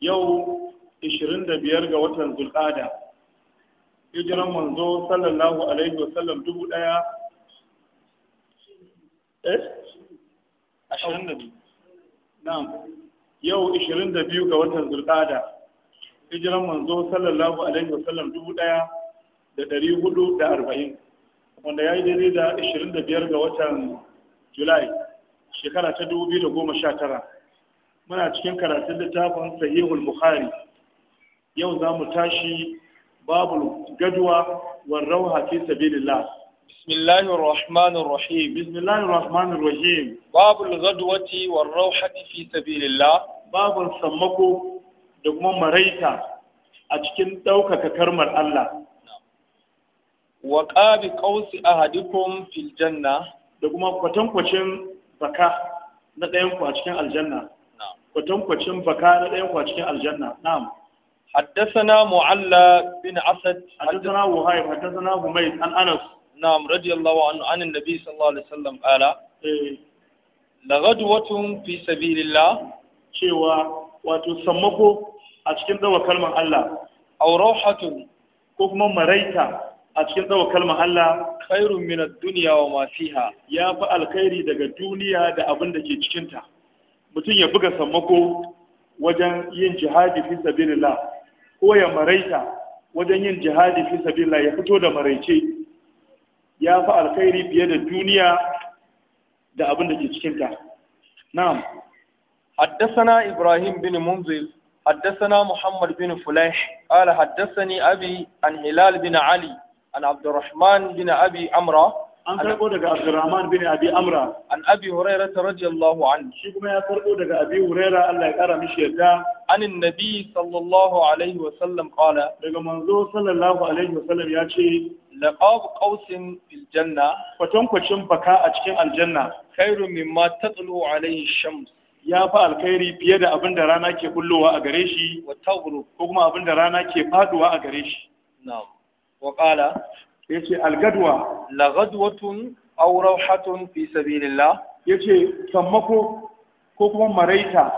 yau 25 ga watan zulqada hijiran manzo sallallahu alaihi wasallam dubu daya eh 22 na'am yau 22 ga watan zulqada hijiran manzo sallallahu alaihi wasallam dubu daya da dari hudu da arba'in wanda ya yi daidai da 25 ga watan julai shekara ta 2019 muna cikin karatun littafin sahihul bukhari yau za mu tashi babu gadwa wal rawha fi sabilillah bismillahir rahmanir rahim bismillahir rahmanir rahim babul gadwati wal rawha fi sabilillah babul samako da kuma maraita a cikin daukaka karmar Allah wa qabi qawsi ahadikum fil janna da kuma kwatankwacin baka na ɗayan ku a cikin aljanna kwatankwacin baka na ɗayan kwacikin aljanna na'am حدثنا معلى بن أسد حدثنا وهيب حدثنا هميد عن أنس نعم رضي الله عنه عن النبي صلى الله عليه وسلم قال لغدوة في سبيل الله شوى وتسمكو أشكين دوا كلمة الله أو روحة كوكما مريتا أشكين دوا كلمة الله خير من الدنيا وما فيها يا فأل خيري دقا دنيا دا أبن دا mutum ya buga sammako wajen yin jihadi fi sabilillah ko ya maraita wajen yin jihadi fi sabilillah ya fito da maraice ya fi alkhairi fiye da duniya da abin da ke cikinta na'am حدثنا إبراهيم بن منزل حدثنا محمد بن فلاح قال حدثني أبي عن هلال بن علي عن عبد الرحمن بن أبي عمرو an karbo daga Abdurrahman bin Abi Amra an Abi Huraira radiyallahu anhu shi kuma ya karbo daga Abi Huraira Allah ya kara mishi yadda. an annabi sallallahu alaihi wa sallam qala daga manzo sallallahu alaihi wa sallam ya ce laqab qausin fil janna kwatan kwacin baka a cikin aljanna khairu mimma tatlu alaihi shams ya fa alkhairi fiye da abin da rana ke bullowa a gare shi wa taghrub ko kuma abin da rana ke faduwa a gare shi na'am wa qala yace algadwa la ghadwatun aw rawhatun fi sabilillah yace sammako ko kuma maraita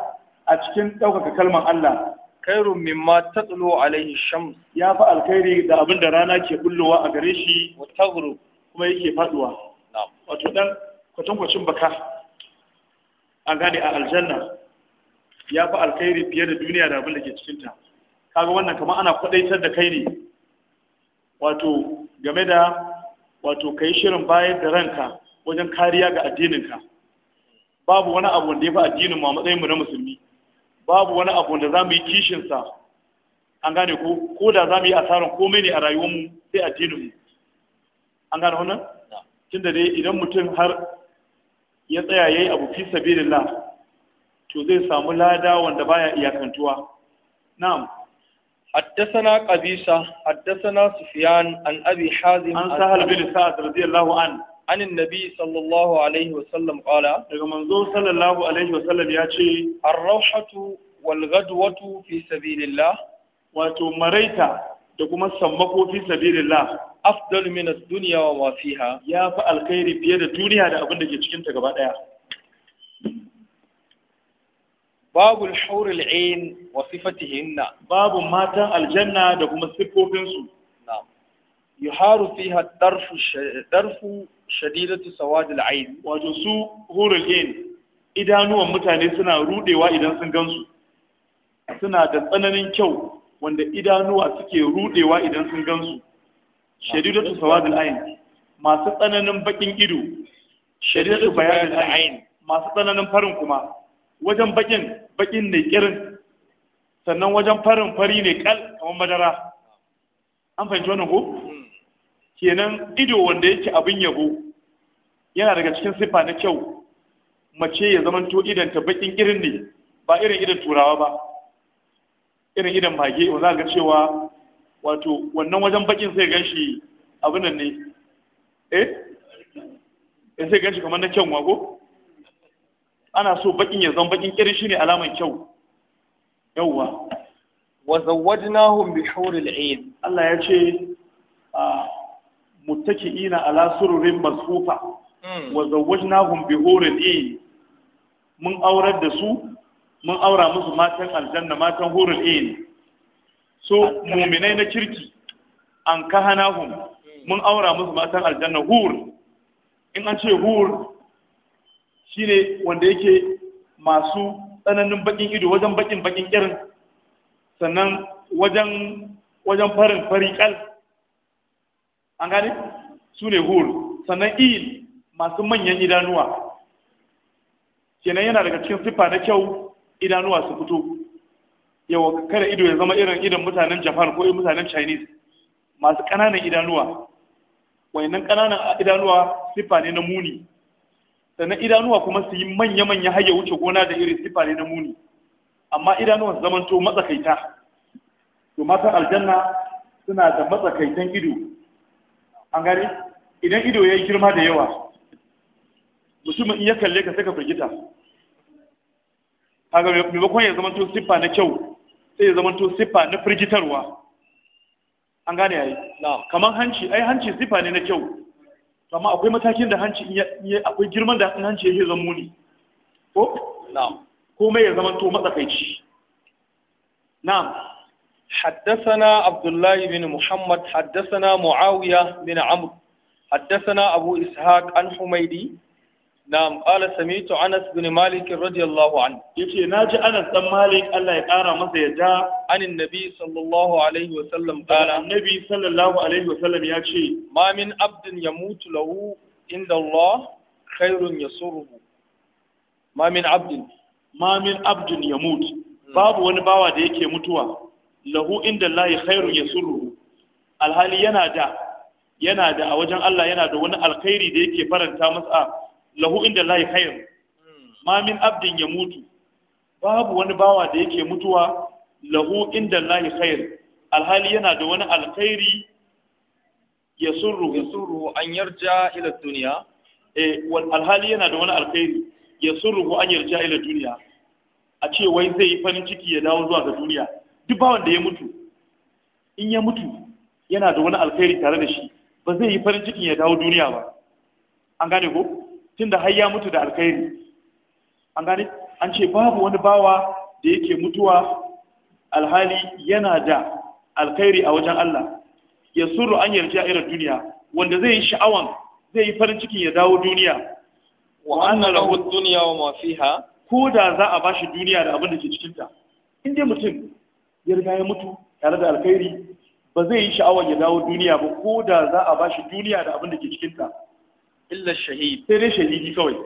a cikin ɗaukaka kalmar Allah khairun mimma tatlu alaihi shams ya fa alkhairi da abin da rana ke bullowa a gare shi wa taghru kuma yake faduwa na'am wato dan kwatankwacin baka an gane a aljanna ya fi alkhairi fiye da duniya da abin da ke cikinta kaga wannan kamar ana kwadaitar da kai ne wato game da wato ka yi shirin bayar da ranka wajen kariya ga addininka babu wani abu da ya fi addinin mu a matsayinmu na musulmi babu wani abu da za mu yi kishinsa an gane ko ko da za mu yi asarar komai ne a rayuwar mu sai addininmu an gane wannan tun da dai idan mutum har ya tsaya ya yi abu fi sabilillah to zai samu lada wanda baya iyakantuwa na'am حدثنا قبيصة حدثنا سفيان عن أبي حازم عن سهل بن سعد رضي الله عنه عن النبي صلى الله عليه وسلم قال daga manzo sallallahu alaihi wasallam ya ce ar-rauhatu wal fi sabilillah wato maraita da kuma sammako fi sabilillah afdal duniya ad-dunya ya fa alkhairi fiye da duniya da abin da ke cikin ta gaba ɗaya. babu al-hurul ain wa sifatihinna babu matan aljanna da kuma siffofinsu. su na'am yuharu fiha darfu darfu shadidatu sawad al-ain wato su hurul ain idanuwan mutane suna rudewa idan sun gansu suna da tsananin kyau wanda idanuwa suke rudewa idan sun gansu shadidatu sawad al-ain masu tsananin bakin ido shadidatu bayan al-ain masu tsananin farin kuma wajen bakin bakin ne kirin sannan wajen farin fari ne kal kamar madara an fahimci wannan ko kenan ido wanda yake abin yabo yana daga cikin siffa na kyau mace ya to idan ta bakin irin ne ba irin idan turawa ba irin idan mage wanda ga cewa wato wannan wajen bakin sai ganshi abin nan ne eh, eh sai ganshi kamar na kyanwa ko ana so bakin ya zan bakin kirin ne alamar kyau yawwa wa zawwajnahum bi hurul ain Allah ya ce muttaki'ina ala sururin masfufa hmm. wa zawwajnahum bi hurul ain mun aurar da su mun aura musu matan aljanna matan hurul ain so mu'minai na kirki an kahanahum hmm. mun aura musu matan aljanna hur in an ce hur shine wanda yake masu tsananin bakin ido wajen bakin bakin irin sannan wajen wajen farin farikal an gane su ne hul sannan il masu manyan idanuwa kenan yana daga cikin siffa na kyau idanuwa su fito yawa kada ido ya zama irin idan mutanen japan ko mutanen chinese masu ƙananan idanuwa wayannan ƙananan idanuwa siffa ne na muni sannan idanuwa kuma su yi manya-manya har ya wuce gona da irin sifa ne na muni amma idanuwa su zamanto matsakaita to mata aljanna suna da matsakaitan ido an gani. idan ido ya yi girma da yawa mutumin in ya kalle ka sai ka firgita kaga maimakon ya zamanto siffa na kyau sai ya zamanto siffa na firgitarwa an gane yayi kamar hanci ai hanci siffa ne na kyau amma akwai matakin da hanci akwai girman da hanci yake zan muni ko? na'am komai ya zama to matsakaici na'am haddasana abdullahi bin muhammad haddasana mu'awiya bin amr haddasana abu ishaq al humaidi na'am qala sami'tu Anas bin Malik radiyallahu anhu na ji Anas ɗan Malik Allah ya kara masa yadda anin nabi sallallahu alaihi wa sallam qala annabi sallallahu alaihi wa sallam yace ma min abdin yamutu lahu inda Allah khairun yasurruhu ma min abdin ma min abdin yamut hmm. babu wani bawa da yake mutuwa lahu inda Allah khairun yasurruhu alhali yana da yana da a wajen Allah yana da wani alkhairi da yake faranta masa lahu inda lahi khairu ma min abdin ya mutu babu wani bawa da yake mutuwa lahu inda lahi khairu alhali yana da wani alkhairi ya surru ya surru an yarja ila duniya eh wal alhali yana da wani alkhairi ya surru an yarja ila duniya a ce wai zai yi farin ciki ya dawo zuwa ga duniya duk bawan da ya mutu in ya mutu yana da wani alkhairi tare da shi ba zai yi farin cikin ya dawo duniya ba an gane ko tunda har ya mutu da alkhairi an gane an ce babu wani bawa da yake mutuwa alhali yana da alkhairi a wajen Allah ya suru an a irin duniya wanda zai yi sha'awan zai yi farin cikin ya dawo duniya wa anna lahu dunya wa ma fiha ko da za a bashi duniya da abin da ke cikin ta in dai mutum ya riga ya mutu tare da alkhairi ba zai yi sha'awan ya dawo duniya ba ko da za a bashi duniya da abin da ke cikin illa shahid sai dai shahidi kawai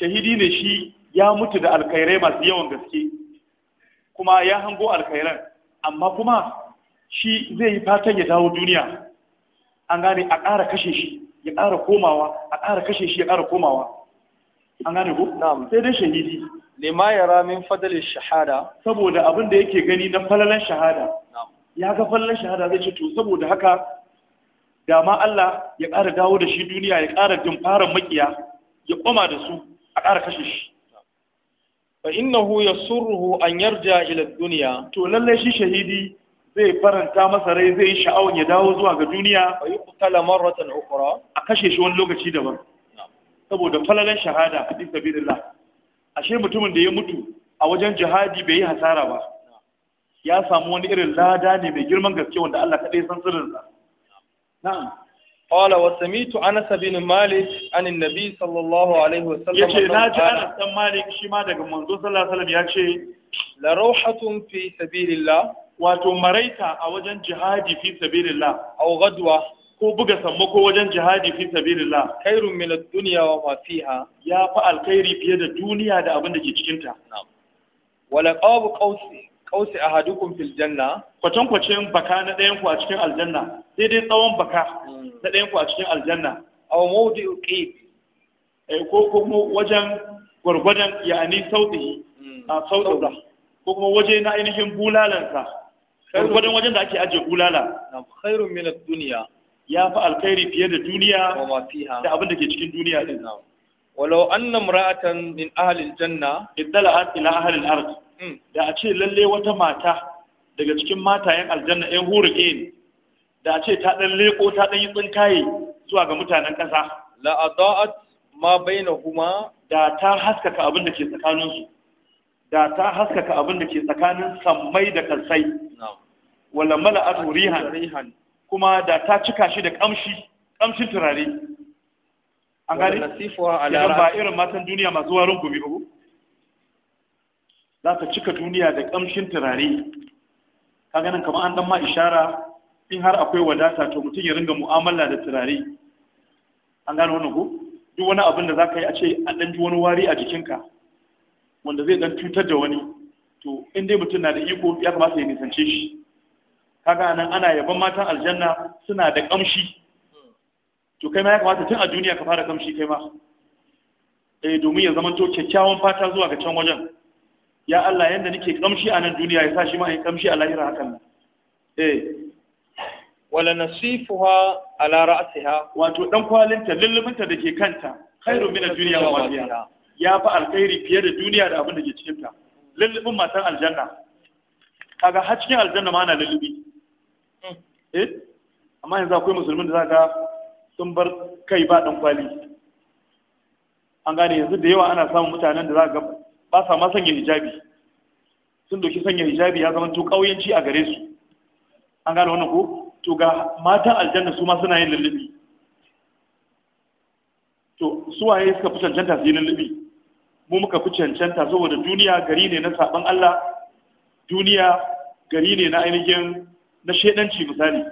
shahidi ne shi ya mutu da alkhairai masu yawan gaske kuma ya hango alkhairan amma kuma shi zai yi fatan ya dawo duniya an gane a ƙara kashe shi ya ƙara komawa a ƙara kashe shi ya ƙara komawa an gane ko sai dai shahidi ma ya ramin fadalin shahada saboda abin da yake gani na falalan shahada ya ga falalan shahada zai ce to saboda haka da ma Allah ya ƙara dawo da shi duniya ya ƙara dimfarar makiya ya koma da su a ƙara kashe shi fa innahu yasurruhu an yarja ila dunya to lalle shi shahidi zai faranta masa rai zai yi sha'awar ya dawo zuwa ga duniya fa yuqtala ukhra a kashe shi wani lokaci daban saboda falalan shahada a cikin sabilillah ashe mutumin da ya mutu a wajen jihadi bai yi hasara ba ya samu wani irin lada ne mai girman gaske wanda Allah kaɗai san sirrinsa na'am qala wa samitu ana bin malik an annabi sallallahu alaihi wa sallam ce na ji anas bin malik shi ma daga manzo sallallahu ya ce. la fi sabilillah wato maraita a wajen jihadi fi sabilillah aw gadwa ko buga ko wajen jihadi fi sabilillah khairun min ad-dunya wa ma fiha ya fa alkhairi fiye da duniya da abin da ke cikin ta wala qabu qausi qausi ahadukum fil janna kwatan kwacin baka na ɗayan ku a cikin aljanna sai dai tsawon baka ta hmm. ɗayan ku a cikin aljanna a wa mawdi qid eh, ko kuma wajen gwargwadon ya'ani sauɗi. Hmm. a sautinsa ko kuma waje na ainihin bulalansa gwargwadon wajen da ake ajiye bulala khairun min ad duniya. ya fi alkhairi fiye da duniya da abin da ke cikin duniya din walau anna mura'atan min ahalin janna idla'at ila ahli ahalin ard hmm. da a ce lalle wata mata daga cikin matayen aljanna ɗan hurri'in da a ce ta ɗan leƙo ta ɗan yi tsinkaye zuwa ga mutanen ƙasa la adaat ma baina huma da ta haskaka abin da ke tsakaninsu da ta haskaka abin da ke tsakanin sammai da kansai wala mala'at rihan kuma da ta cika shi da kamshi kamshin turare an gani idan ba irin matan duniya masu warin gumi ba za ta cika duniya da kamshin turare ka ganin kamar an dan ma ishara in har akwai wadata to mutum ya ringa mu'amala da turare an gano wannan ko duk wani abin da za ka yi a ce an ɗan ji wani wari a jikinka wanda zai ɗan cutar da wani to in dai mutum na da iko ya kamata ya nisance shi kaga nan ana yaban matan aljanna suna da ƙamshi to kai ma ya kamata tun a duniya ka fara ƙamshi kai ma eh domin ya zama to kyakkyawan fata zuwa ga can wajen ya Allah yanda nake ƙamshi a nan duniya ya sa shi ma in ƙamshi a lahira hakan eh wala nasifuha ala ra'siha wato dan kwalinta lullubinta da ke kanta khairu min ad-dunya wa ma ya fa alkhairi fiye da duniya da abin da ke cikin ta lullubin matan aljanna kaga har cikin aljanna ma ana lullubi hmm. eh amma yanzu akwai musulmin da zaka sun bar kai ba dan kwali an gane yanzu da yawa ana samun mutanen da zaka ba sa ma sanya hijabi sun doki sanya hijabi ya zama to kauyanci a gare su an gane wannan ko to ga matan aljanna su ma suna yin lullubi to su waye suka fi cancanta su yi lullubi mu muka fi cancanta saboda duniya gari ne na saban Allah duniya gari ne na ainihin na shaidanci misali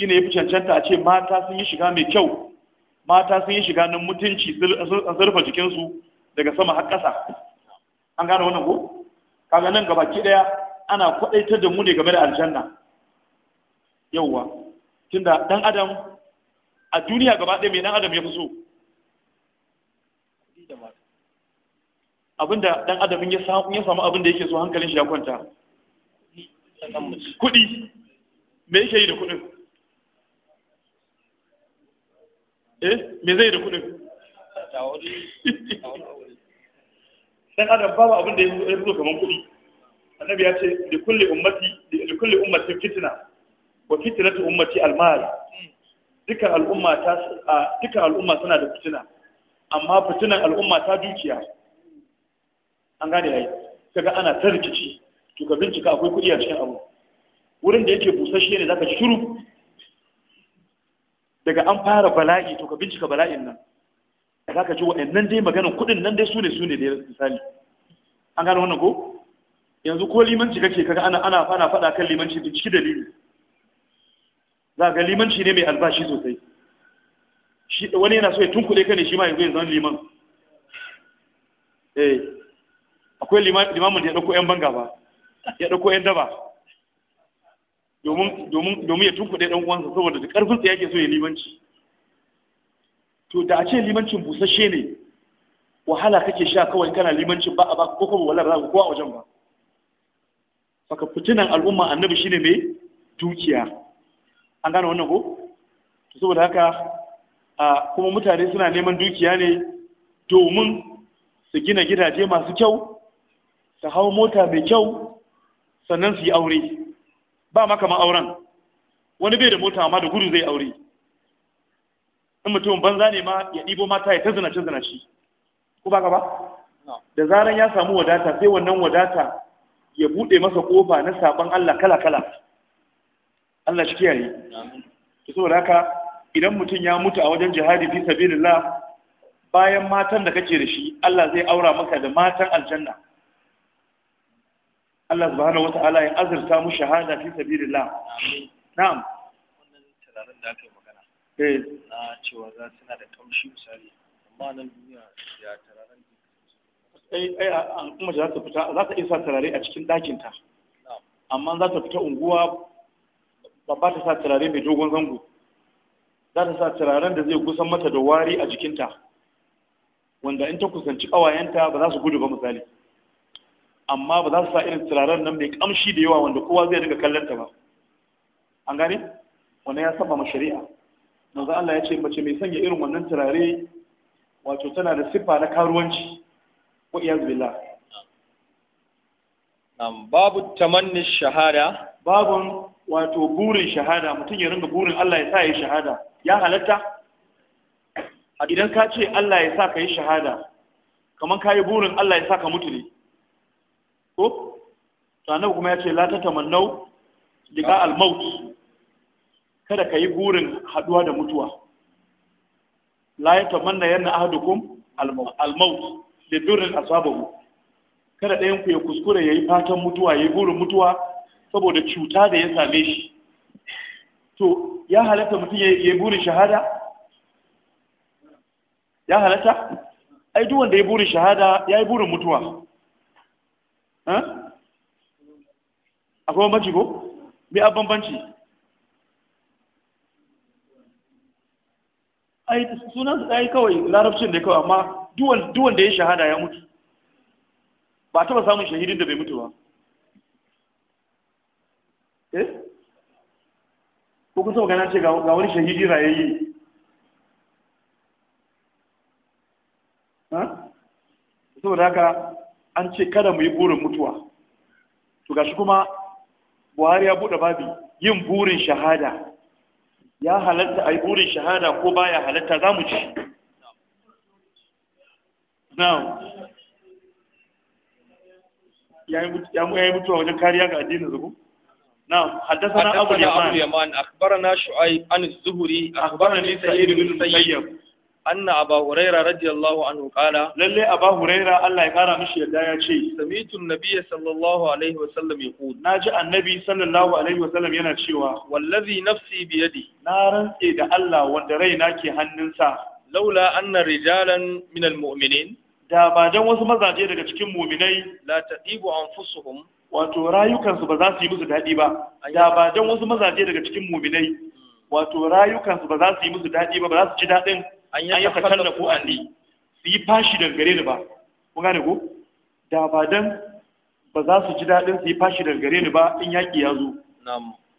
ne ya fi cancanta a ce mata sun yi shiga mai kyau mata sun yi shiga na mutunci a zurfa jikinsu daga sama har ƙasa an gane wannan ko kaga nan gabaki daya ana kwadaitar da mu ne game da aljanna yauwa tunda dan adam a duniya gaba ɗaya mai dan adam ya fi so abinda dan adam ya samu ya samu abinda yake so hankalin shi ya kwanta kuɗi me yake yi da kuɗin eh me zai da kuɗin dan adam babu abinda ya fi so kaman kuɗi annabi ya ce da kulle ummati da kulle ummati fitna wa fitratu ummati almal dukkan al'umma ta dukkan al'umma suna da fitina amma fitinan al'umma ta dukiya an gane ai kaga ana ta rikici to ka bincika akwai kuɗi a cikin abu wurin da yake busasshe ne zaka shiru daga an fara bala'i to ka bincika bala'in nan zaka ji waɗannan dai maganin kudin nan dai su ne su ne da misali an gane wannan ko yanzu ko limanci kake kaga ana ana fana faɗa kan limanci binciki dalili za ga limanci ne mai albashi sosai shi wani yana so ya tunkule ka ne shi ma yanzu ya zan liman eh akwai limamin da ya ɗauko 'yan banga ba ya ɗauko 'yan daba domin ya tunkule ɗan uwansa saboda da ƙarfin sa yake so ya limanci to da a ce limancin busasshe ne wahala kake sha kawai kana limancin ba a ba ko kuma wala ba ko a wajen ba saka fitinan al'umma annabi shine mai dukiya an gane wannan ko saboda haka a kuma mutane suna neman dukiya ne domin su gina gidaje masu kyau su hau mota mai kyau sannan su yi aure ba ma kamar auren wani bai da mota amma da gudu zai aure in mutum banza ne ma ya ɗibo mata ya ta zinace zinace ko ba ka ba da zaran ya samu wadata sai wannan wadata ya buɗe masa ƙofa na sabon Allah kala kala Allah shi kiyaye to saboda haka idan mutum ya mutu a wajen jihadi fi sabilillah bayan matan da kake da shi Allah zai aura maka da matan aljanna Allah subhanahu wata'ala ya azurta mu shahada fi sabilillah na'am wannan tararin da aka magana eh na cewa za suna da kaushi misali amma nan duniya ya tararin ai eh, eh, ai an kuma za ta fita za ta isa tarare a cikin dakin ta amma za ta fita unguwa ba ba ta sa turare mai dogon zango za ta sa turaren da zai kusan mata da wari a jikinta wanda in ta kusanci ƙawayenta ba za su gudu ba misali amma ba za su sa irin turaren nan mai kamshi da yawa wanda kowa zai riga kallonta ba an gane wannan ya saba ma shari'a manzo Allah ya ce mace mai sanya irin wannan turare wato tana da siffa na karuwanci wa iyaz billah nam babu tamanni shahada babun wato burin shahada mutum ya ringa burin Allah ya sa ya shahada ya halatta a idan ka ce Allah ya sa ka yi shahada kamar ka yi burin Allah ya sa ka mutu ne ko to kuma ya ce la ta diga almaut kada ka yi burin haduwa da mutuwa la ya tamanna yanna ahadukum al da asabahu kada ɗayan ku ya kuskure yayi fatan mutuwa yayi burin mutuwa saboda cuta da ya same shi to ya halatta mutum ya yi burin shahada ya halatta ai duk wanda ya burin shahada ya yi burin mutuwa A kuma bambanci ko me a bambanci ai sunan su ɗaya kawai larabcin da kawai amma duwan da ya shahada ya mutu ba taɓa samun shahidin da bai mutu ba eh ko kun san magana ce ga wani shahidi rayayi ha saboda haka an ce kada mu yi burin mutuwa to gashi kuma buhari ya bude babi yin burin shahada ya halatta a yi burin shahada ko baya halatta za mu ci now ya yi mutuwa wajen kariya ga addinin zubu نعم حدثنا أبو اليمان أبو اليمان أخبرنا شعيب عن الزهري أخبرني سعيد بن المسيب أن أبا هريرة رضي الله عنه قال للي أبا هريرة الله يقرأ مشي يدايا شيء سمعت النبي صلى الله عليه وسلم يقول ناجى النبي صلى الله عليه وسلم ينشيوا والذي نفسي بيدي نارا إذا الله وندريناك هننسا لولا أن رجالا من المؤمنين da ba dan wasu mazaje daga cikin muminai la taqibu anfusuhum wato rayukansu ba za su yi musu daɗi ba da ba don wasu mazaje daga cikin muminai hmm. wato rayukansu ba za su yi musu daɗi ba ba za su ji daɗin an yi fatan da ko an su yi fashi daga gare ni ba kun gane ko da ba don ba za su ji daɗin su yi fashi daga gare ni ba in yaƙi ya zo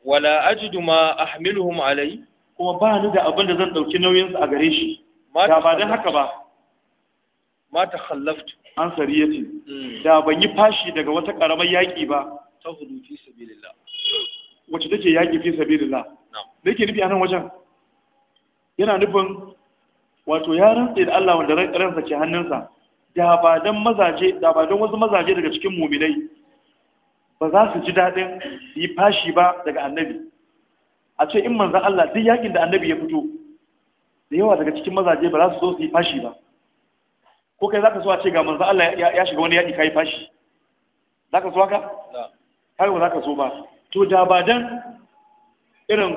wala ajidu ma ahmiluhum alai kuma ba ni da abin da zan ɗauki nauyinsu a gare shi da ba don haka ba ma ta khallaftu an ce, hmm. da ban yi fashi daga wata karamar yaƙi ba ta hudu fi sabilillah wacce take yaƙi fi sabilillah da yake nufi a nan wajen yana nufin wato ya rantse da Allah wanda rantsa ke hannunsa da ba don mazaje da ba don wasu mazaje daga cikin muminai ba za su ji daɗin yi fashi ba daga annabi a ce in manzan Allah duk yakin da annabi ya fito da yawa daga cikin mazaje ba za su zo su yi fashi ba ko kai zaka so a ce ga manzo Allah ya shiga wani yaki kai fashi zaka so haka har ba zaka so ba to da ba dan irin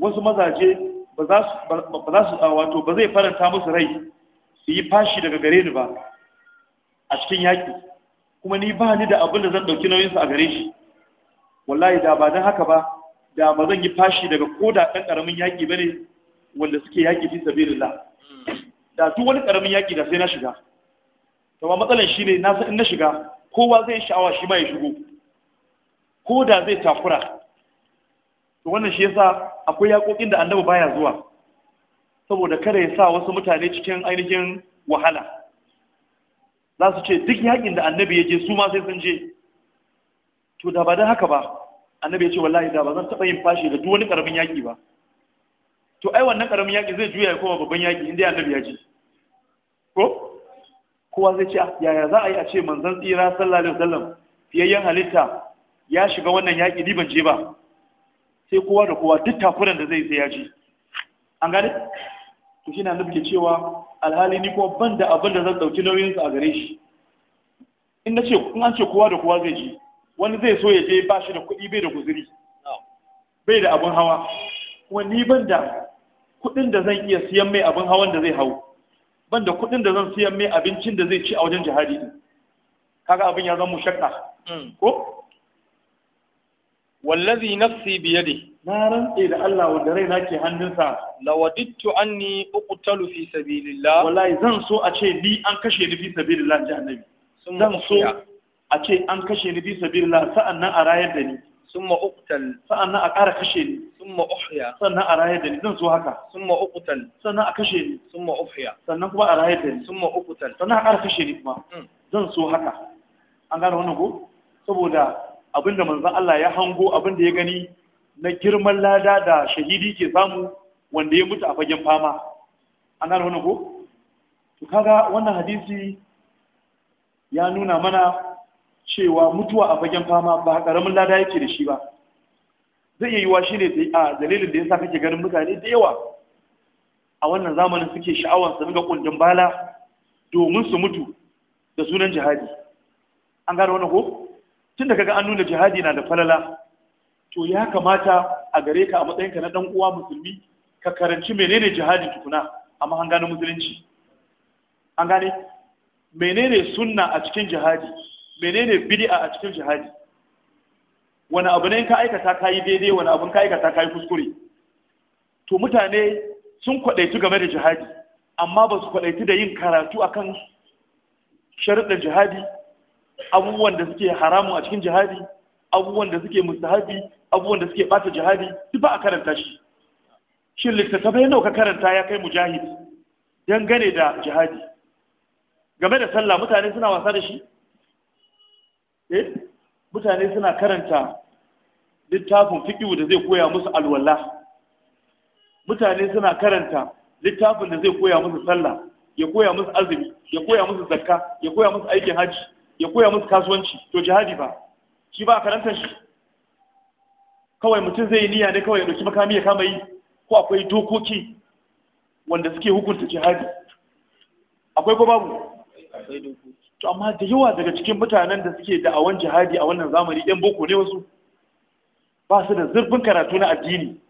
wasu mazaje ba za su ba za su ah, wato ba zai faranta musu rai su yi fashi daga gare ni ba a cikin yaki kuma ni ba ni da abin da zan dauki nauyin sa a gare shi wallahi da ba dan haka ba da ba zan yi fashi daga koda dan karamin yaki bane wanda suke yaki fi sabilillah hmm. da duk wani karamin yaki da sai na shiga to ba matsalar shi ne na in na shiga kowa zai sha'awa shi ma ya shigo ko da zai takura to wannan shi yasa akwai yaƙoƙin da annabi baya zuwa saboda kada ya sa wasu mutane cikin ainihin wahala za su ce duk yaƙin da annabi ya je su ma sai sun je to da ba don haka ba annabi ya ce wallahi da ba zan taɓa yin fashi da duk wani ƙaramin yaƙi ba to ai wannan ƙaramin yaƙi zai juya ya koma babban yaƙi inda annabi ya je ko kowa zai ce ah, yaya za a yi a ce manzon tsira sallallahu alaihi wasallam fiyayyen halitta ya shiga wannan yaƙi ni ban je ba sai kowa da kowa duk takuran da zai sai ya ji an gane to shi na nufke cewa alhali ni kuma ban da abin da zan ɗauki nauyinsa a gare shi in na ce in an ce kowa da kowa zai ji wani zai so ya je ba shi da kuɗi bai da guzuri bai da abin hawa kuma ni ban da kuɗin da zan iya siyan mai abin hawan da zai hau ban da kuɗin da zan siyan mai abincin da zai ci a wajen jihadi din kaga abin ya zama shakka hmm. ko wallazi nafsi biyadi na rantse da Allah wanda raina ke hannunsa lawadittu anni uqtalu fi sabilillah wallahi zan so a ce ni an kashe ni fi sabilillah ji annabi zan so a ce an kashe ni fi sabilillah sa'annan a rayar da ni summa uqtal sa'annan a ƙara kashe ni summa uhya sannan a rayar da ni zan so haka summa uqtal sannan a kashe ni summa uhya sannan kuma a rayar da ni summa uqtal sannan a ƙara kashe ni kuma mm. zan so haka an gane wannan ko saboda abinda manzon Allah ya hango abinda ya gani na girman lada da shahidi ke samu wanda ya mutu a fagen fama an gane wannan ko to kaga wannan hadisi ya nuna mana cewa mutuwa a fagen fama ba ƙaramin lada yake da shi ba zai yi wa shi ne a dalilin da ya sa kake ganin mutane da yawa a wannan zamanin suke sha'awar su ga kundin bala domin su mutu da sunan jihadi an gane wannan ko tun da kaga an nuna jihadi na da falala to ya kamata a gare ka a matsayinka na dan uwa musulmi ka karanci menene jihadi tukuna amma an gane musulunci an gane menene sunna a cikin jihadi menene bid'a a cikin jihadi wani abu ne ka aikata ka yi daidai wani abu ka aikata ka yi kuskure to mutane sun kwadaitu game da jihadi amma ba su kwadaitu da yin karatu akan sharuɗin jihadi abubuwan da suke haramun a cikin jihadi abubuwan da suke mustahabi abubuwan da suke bata jihadi duk ba a karanta shi shin littattafai nawa ka karanta ya kai mujahid dangane da jihadi game da sallah mutane suna wasa da shi eh mutane suna karanta littafin fiƙiwu da zai koya musu alwala mutane suna karanta littafin da zai koya musu sallah ya koya musu azumi ya koya musu zakka ya koya musu aikin hajji ya koya musu kasuwanci to jihadi ba shi ba a karantar shi kawai mutum zai yi niyya ne kawai ya ɗauki makami ya kama yi ko akwai dokoki wanda suke hukunta jihadi akwai ko babu to amma da yawa daga cikin mutanen da suke da'awan jihadi a wannan zamani 'yan boko ne wasu ba su da zurfin karatu na addini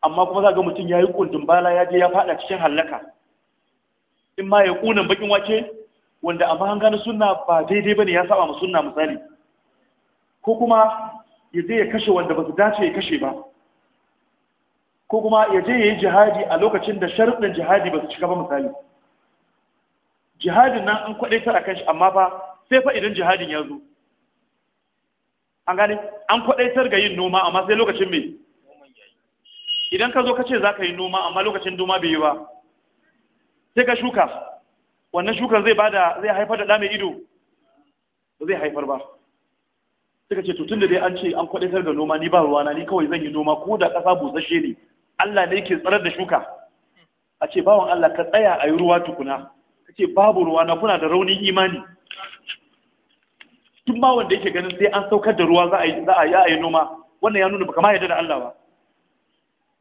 amma kuma za ga mutum ya yi kundin bala ya je ya fada cikin hallaka in ma ya kunan bakin wake wanda amma an gano sunna ba daidai bane ya saba ma sunna misali ko kuma ya je ya kashe wanda ba su dace ya kashe ba ko kuma ya je ya yi jihadi a lokacin da sharuɗin jihadi ba su cika ba misali jihadin nan an kwaɗaitar a kan shi amma fa sai fa idan jihadin ya zo an gane an kwadaitar ga yin noma amma sai lokacin me idan ka zo ka ce za ka yi noma amma lokacin noma bai yi ba sai ka shuka wannan shukar zai bada zai haifar da ɗa ido ba zai haifar ba Sai ka ce tutun da dai an ce an kwadaitar ga noma ni ba na ni kawai zan yi noma ko da ƙasa busasshe ne Allah ne yake tsarar da shuka a ce bawan Allah ka tsaya a yi ruwa tukuna ka ce babu ruwana kuna da raunin imani Tun ma wanda yake ganin sai an saukar da ruwa za a yi za a yi noma wannan ya nuna baka ma yadda da Allah ba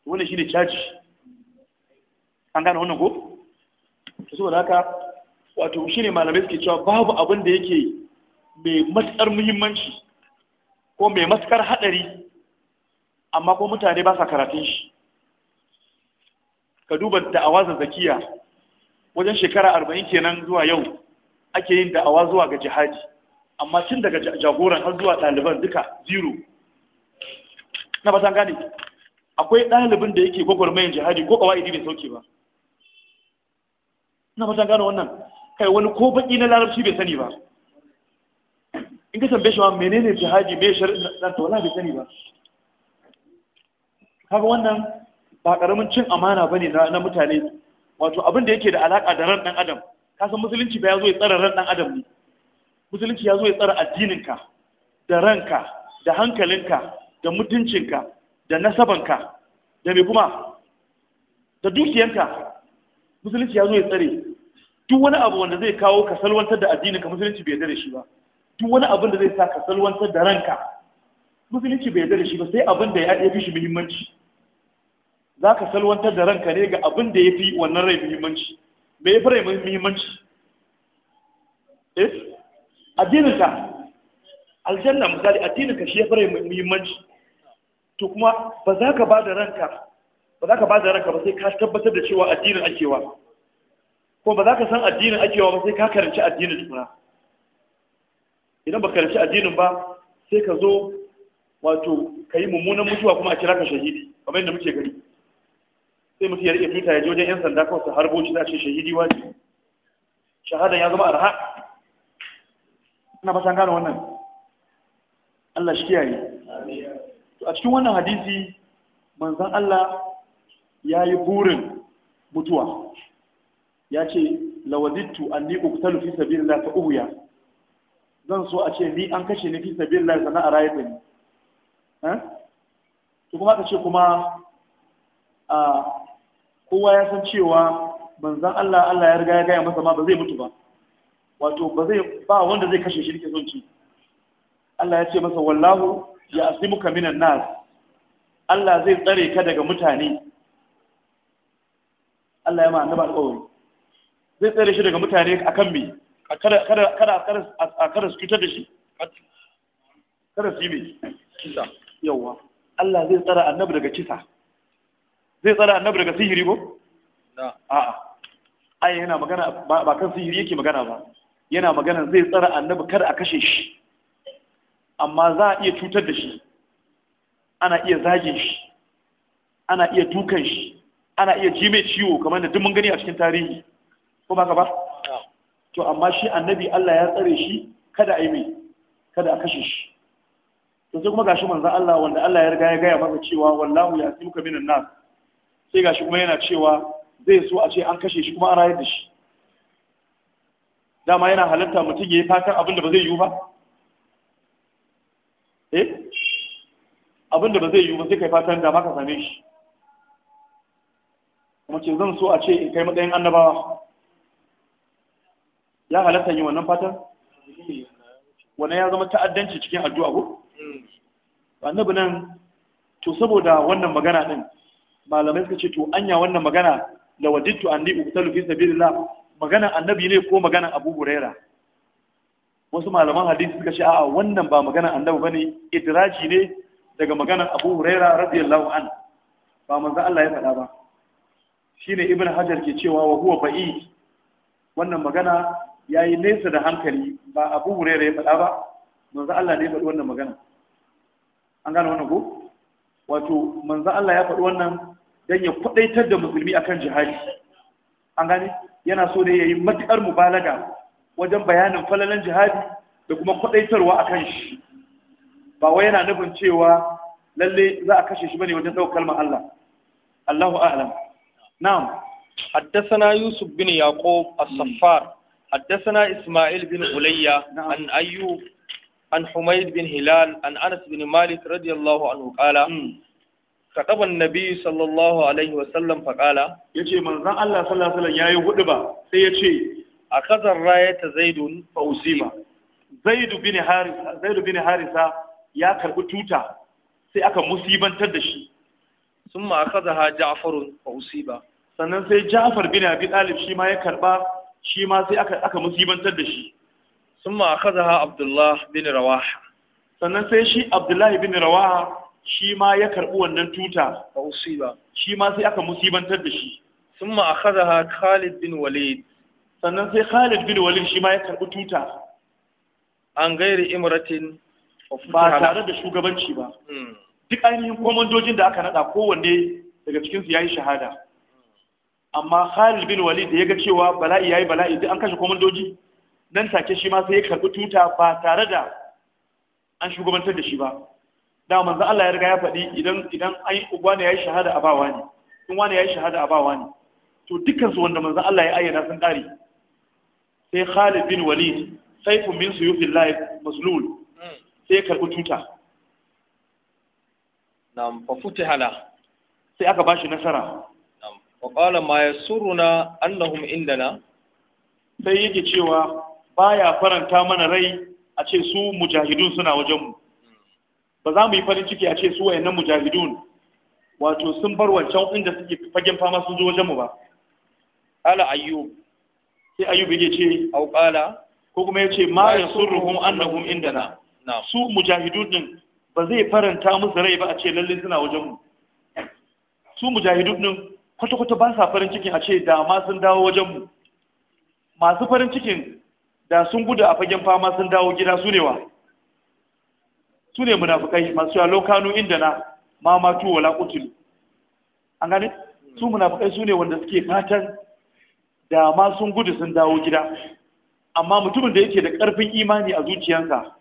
wannan shine caji an gane wannan ko to saboda haka wato shine malamai suke cewa babu abin da yake mai matsar muhimmanci ko mai matsar haɗari? amma ko mutane ba sa karatun shi ka duba da'awa zazzakiya wajen shekara arba'in kenan zuwa yau ake yin da'awa zuwa ga jihadi amma tun daga jagoran har zuwa ɗaliban duka zero na basan gane akwai ɗalibin da yake gwagwarmayin jihadi ko kawai bai sauke ba na basan gane wannan kai wani ko baki na larabci bai sani ba in ka tambaye shi ma menene jihadi mai shari'a na to bai sani ba haka wannan ba karamin cin amana ba ne na mutane wato abin da yake da alaka da ran ɗan adam kasan musulunci ba ya zo ya tsara ran ɗan adam ne musulunci ya zo ya tsara addininka da ranka da hankalinka da mutuncinka da nasabanka da mai kuma da dukiyanka musulunci ya zo ya tsare duk wani abu wanda zai kawo ka salwantar da addininka musulunci bai dare shi ba duk wani abin da zai sa ka salwantar da ranka musulunci bai dare shi ba sai abin da ya fi shi muhimmanci za ka salwantar da ranka ne ga abin da ya fi wannan rai muhimmanci me ya fi rai muhimmanci eh addininka aljanna misali addininka shi ya fara muhimmanci to kuma ba za ka ba da ranka ba za ka ba da ranka ba sai ka tabbatar da cewa addinin akewa ko ba za ka san addinin akewa ba sai ka karanci addinin tukuna idan ba karanci addinin ba sai ka zo wato ka yi mummunan mutuwa kuma a kira ka shahidi kamar yadda muke gari sai mutum ya rike tuta ya je wajen yan sanda kawai su harbo shi za a ce shahidi wani shahadan ya zama arha ana fatan gane wannan Allah shi kiyaye to a cikin wannan hadisi manzon Allah ya yi burin mutuwa ya ce lawadittu anni uktalu fi sabilillah fa uhya zan so a ce ni an kashe ni fi sabilillah sana'a rayuwa eh to kuma ka ce kuma a kowa ya san cewa manzan Allah Allah ya riga ya gaya masa ma ba zai mutu ba wato ba zai ba wanda zai kashe shi son ci Allah ya ce masa wallahu ya asimuka minan nas Allah zai tsare ka daga mutane Allah ya ma annaba alƙawari zai tsare shi daga mutane kan me kada kada a kada su cutar da shi kada su yi me kisa yawa Allah zai tsara annabi daga kisa zai tsara annabi daga sihiri ko a'a ai yana magana ba kan sihiri yake magana ba yana magana zai tsara annabi kada a kashe shi amma za a iya cutar da shi ana iya zagin shi ana iya dukan shi ana iya ji mai ciwo kamar da duk mun gani a cikin tarihi ko ba ka ba to amma shi annabi Allah ya tsare shi kada a yi mai kada a kashe shi to sai kuma gashi manzo Allah wanda Allah ya riga ya gaya masa cewa wallahu ya asimuka minan nas sai gashi kuma yana cewa zai so a ce an kashe shi kuma an rayar da shi dama yana halatta mutum ya yi fatan abin da ba zai yiwu ba eh abin da ba zai yiwu ba sai kai fatan dama ka same shi kuma ce zan so a ce in kai matsayin annabawa ya halatta yi wannan fatan wannan ya zama ta'addanci cikin addu'a ko annabi nan to saboda wannan magana din malamai suka ce to anya wannan magana lawadittu anni uqtalu fi sabilillah magana annabi ne ko magana abu huraira wasu malaman hadisi suka ce a'a wannan ba magana annabi ne. idraji ne daga magana abu huraira radiyallahu an ba manzo Allah ya faɗa ba shine ibn hajar ke cewa wa huwa ba'i wannan magana yayi nesa da hankali ba abu huraira ya faɗa ba manzo Allah ne ya faɗi wannan magana an gane wannan ko wato manzo Allah ya faɗi wannan dan ya kwadaitar da musulmi akan jihadi an gane yana so da ya yi matuƙar mubalaga wajen bayanin falalan jihadi da kuma kwaɗaitarwa a kan shi ba wai yana nufin cewa lalle za kashe shi bane wajen ɗaukar kalmar Allah Allahu a'lam na'am haddathana yusuf bin yaqub as hmm. addasana isma'il bin ulayya an ayyub an humayd bin hilal an anas bin malik radiyallahu anhu qala hmm. خطب النبي صلى الله عليه وسلم فقال يجي من ذا الله صلى الله عليه وسلم ياي غدبا سي يجي أخذ الراية زيد فأسيما زيد بن حارثة زيد بن حارثة يا كرب توتا سي أكا مصيبا تدشي ثم أخذها جعفر فأسيما sannan sai Ja'far bin Abi Talib shi ma ya karba shi ma sai aka aka musibantar da shi summa akhadha Abdullah bin Rawaha sannan sai shi Abdullah bin Rawaha shi ma ya karɓi wannan tuta a shi ma sai aka musibantar da shi sun ma ha Khalid bin Walid sannan sai Khalid bin Walid shi ma ya karɓi tuta an gairi imratin ba tare da shugabanci ba hmm. duk ainihin komandojin da aka naɗa kowanne daga cikin su yayi shahada amma Khalid bin Walid da ya ga cewa bala'i yayi bala'i duk an kashe komandoji nan take shi ma sai ya karɓi tuta ba tare da an shugabantar da shi ba da manzo Allah ya riga ya faɗi idan idan ai ne yayi shahada a ba wani in wani yayi shahada a ba wani to dukkan su wanda manzo Allah ya ayyana sun kare sai Khalid bin Walid saifun min suyufillah maslul sai ya karbi tuta nam fa futihala sai aka bashi nasara nam wa qala ma yasuruna annahum indana sai yake cewa baya faranta mana rai a ce su mujahidun suna wajenmu ba za mu yi farin ciki a ce su wayannan mujahidun wato sun bar wancan inda suke fagen fama sun zo wajen mu ba ala ayyub sai ayyub yake ce au qala ko kuma yace ma yasurruhum annahum indana su mujahidun din ba zai faranta musu rai ba a ce lalle suna wajen mu su mujahidun din kwata kwata ba sa farin cikin a ce da ma sun dawo wajen mu masu farin cikin da sun gudu a fagen fama sun dawo gida su ne wa su ne munafukai masu yawa lokanu inda na mamatu wala kutulu an gane su munafukai su ne wanda suke fatan da ma sun gudu sun dawo gida amma mutumin da yake da ƙarfin imani a zuciyarsa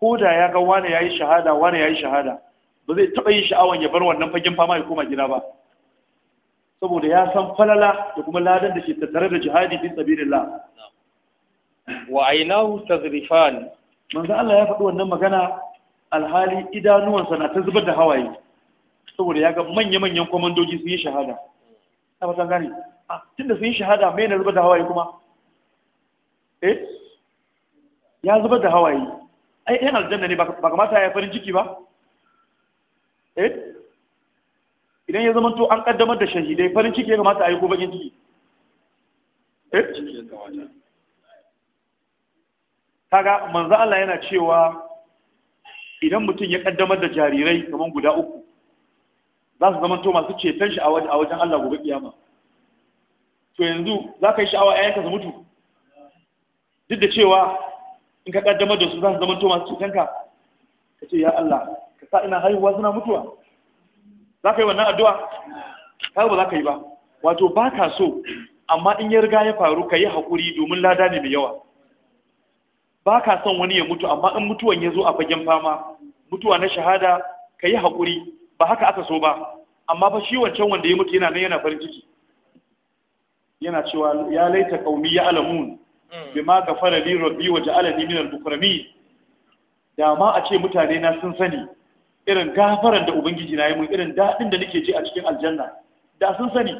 ko da ya ga wane ya yi shahada wane ya yi shahada ba zai taɓa yin sha'awan ya bar wannan fagen fama ya koma gida ba saboda ya san falala da kuma ladan da ke tattare da jihadi bin sabilillah wa ainahu tazrifan manzo Allah ya faɗi wannan magana alhali idanuwansa na ta zubar da hawaye saboda ya ga manya-manyan kwamandoji sun yi shahada na fatan gane tunda sun yi shahada mai na zubar da hawaye kuma eh ya zubar da hawaye ai yan aljanna ne ba kamata ya farin ciki ba eh idan ya zama to an kaddamar da shahidai farin ciki ya kamata a yi ko bakin ciki eh kaga manzo Allah yana cewa idan mutum ya kaddamar da jarirai kamar guda uku za su to masu ceton shi a wajen Allah gobe kiyama to yanzu za ka yi sha'awa ya su mutu duk da cewa in ka kaddamar da su za su to masu ceton ka ka ce ya Allah ka sa ina haihuwa suna mutuwa za ka yi wannan addu'a ka ba za ka yi ba wato ba ka so amma in ya riga ya faru ka yi haƙuri domin lada ne mai yawa ba ka son wani ya mutu amma in mutuwan ya zo a fagen fama mutuwa na shahada ka yi haƙuri ba haka aka so ba amma ba shi wancan wanda ya mutu yana nan yana farin ciki yana cewa ya laita ƙaumi ya alamun mm. bima ghafara li rabbi wa ja'alani min al da ma a ce mutane na sun sani irin gafaran da ubangiji na yi mun irin daɗin da nake ji a cikin aljanna da sun sani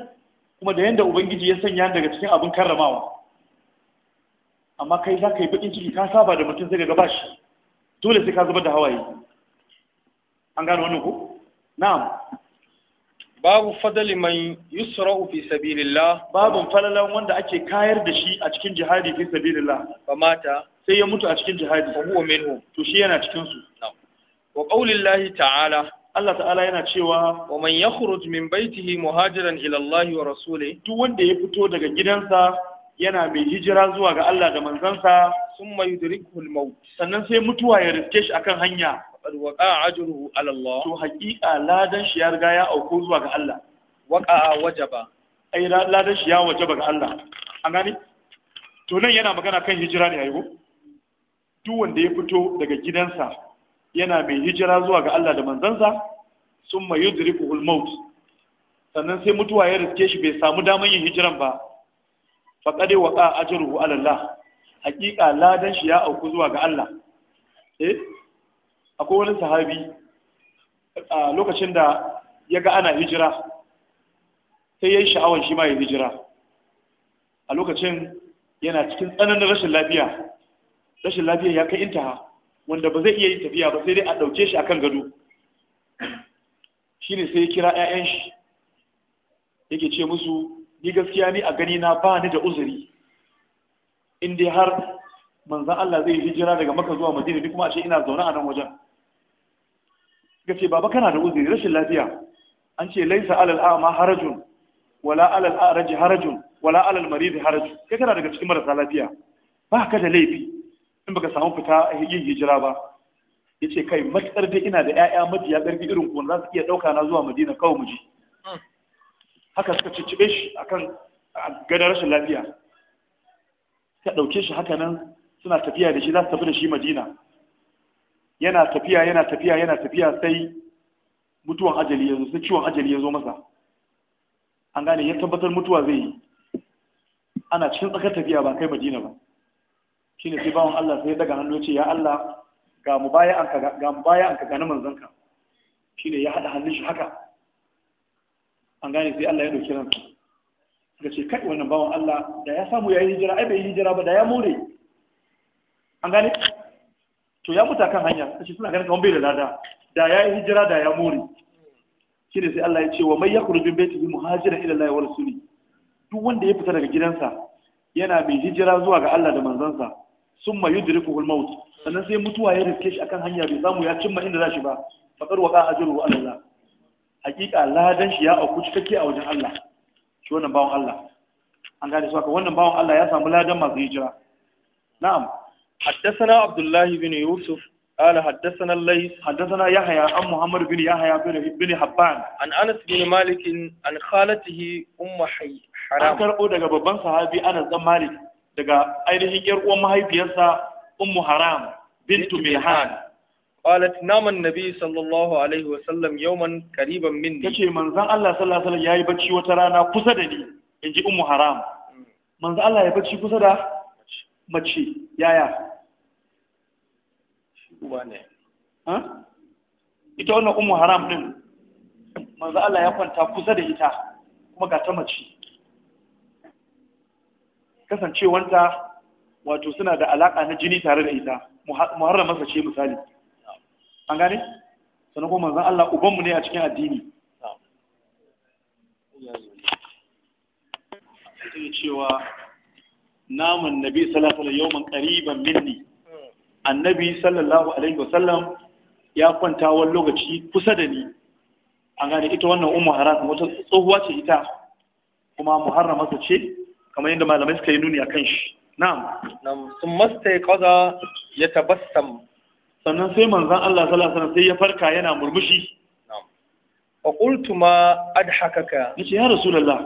kuma da yadda ubangiji ya sanya daga cikin abin karramawa amma kai za ka yi baƙin ciki ka saba da mutum sai ga ba shi dole sai ka zubar da hawaye an gano wani ko na'am babu fadali mai yusra'u fi sabilillah babu falalan wanda ake kayar da shi a cikin jihadi fi sabilillah mata sai ya mutu a cikin jihadi ko huwa minhu to shi yana cikin su wa qaulillahi ta'ala Allah ta'ala yana cewa wa man yakhruj min baytihi muhajiran ila Allah wa rasuli duk wanda ya fito daga gidansa yana mai hijira zuwa ga Allah da manzansa sun mai yudrikul maut sannan sai mutuwa ya riske shi akan hanya waƙa a ajruhu ala Allah to haƙiƙa ladan shi ya riga ya auko zuwa ga Allah Waƙa ba. wajaba ai ladan shi ya wajaba ga Allah an gani to nan yana magana kan hijira ne ayo duk wanda ya fito daga gidansa yana mai hijira zuwa ga Allah da manzansa sun mai yudrikul maut sannan sai mutuwa ya riske shi bai samu daman yin hijiran ba faqad waqa ajruhu ala Allah haƙiƙa ladan shi ya auku zuwa ga Allah eh akwai wani sahabi a lokacin da ya ga ana hijira sai ya yi sha'awar shi ma ya hijira a lokacin yana cikin tsananin rashin lafiya rashin lafiya ya kai intaha wanda ba zai iya yin tafiya ba sai dai a ɗauke shi akan gado shi ne sai ya kira 'ya'yan shi yake ce musu ni gaskiya ni a gani na ba ni da uzuri in dai har manzan Allah zai hijira daga maka zuwa madina ni kuma ashe ina zaune a nan wajen gace baba kana da uzuri rashin lafiya an ce laisa alal a'ma harajun wala alal a'raj harajun wala alal marid harajun kai kana daga cikin marasa lafiya ba ka da laifi in baka samu fita yin hijira ba yace kai matsar dai ina da ƴaƴa mabiya ƙarfi irin ku za su iya dauka na zuwa madina kawai mu ji haka suka cicibe shi akan gadon rashin lafiya suka ɗauke shi haka nan suna tafiya da shi za su tafi da shi madina yana tafiya yana tafiya yana tafiya sai mutuwan ajali ya zo sai ciwon ajali ya zo masa an gane ya tabbatar mutuwa zai yi ana cikin tsakar tafiya ba kai madina ba ne sai bawan Allah sai ya daga hannu ya ce ya Allah ga mu baya an ka ga mu baya an ka gani manzon ka shine ya hada hannun shi haka an gane sai Allah ya dauki ransa ga ce kai wannan bawan Allah da ya samu yi hijira ai bai hijira ba da ya more an gane to ya muta kan hanya kace suna ganin kamar bai da lada da ya yi hijira da ya more shi ne sai Allah ya ce wa mai bin baiti bi muhajira ila Allah wa rasuli duk wanda ya fita daga gidansa yana mai hijira zuwa ga Allah da manzansa summa yudrikuhu al-maut sannan sai mutuwa ya riske shi akan hanya bai samu ya cimma inda za shi ba faqad waqa ajruhu ala Allah hakika ladan shi ya auku cikakke a wajen Allah shi wannan bawan Allah an gane su haka wannan Allah ya samu ladan masu hijira na'am حدثنا عبد الله بن يوسف قال حدثنا الليث حدثنا يحيى عن محمد بن يحيى بن حبان عن انس بن مالك عن خالته ام حي حرام an karbo daga babban sahabi Anas dan Malik daga ainihin yar uwan mahaifiyarsa ummu haram bintu Milhan qalat naman nabi sallallahu alaihi wa sallam yawman qariban minni tace manzon Allah sallallahu alaihi wa sallam yayi bacci wata rana kusa da ni inji ummu haram manzon Allah ya bacci kusa da mace yaya uba ha ita wannan ummu haram din manzon Allah ya kwanta kusa da ita kuma ga ta mace kasancewanta wato suna da alaka na jini tare da ita muharramarsa ce misali an gane sannan kuma manzon Allah ubanmu ne a cikin addini sai cewa namun nabi sallallahu alaihi wasallam qariban minni annabi sallallahu alaihi wasallam ya kwanta wani lokaci kusa da ni an gane ita wannan ummu haram wata tsohuwa ce ita kuma muharrama ce kamar yadda malamai suka yi nuni akan shi na'am nam sun masta ya kaza ya tabassam sannan sai manzan Allah sallallahu sai ya farka yana murmushi fa qultu ma adhakaka nace ya rasulullah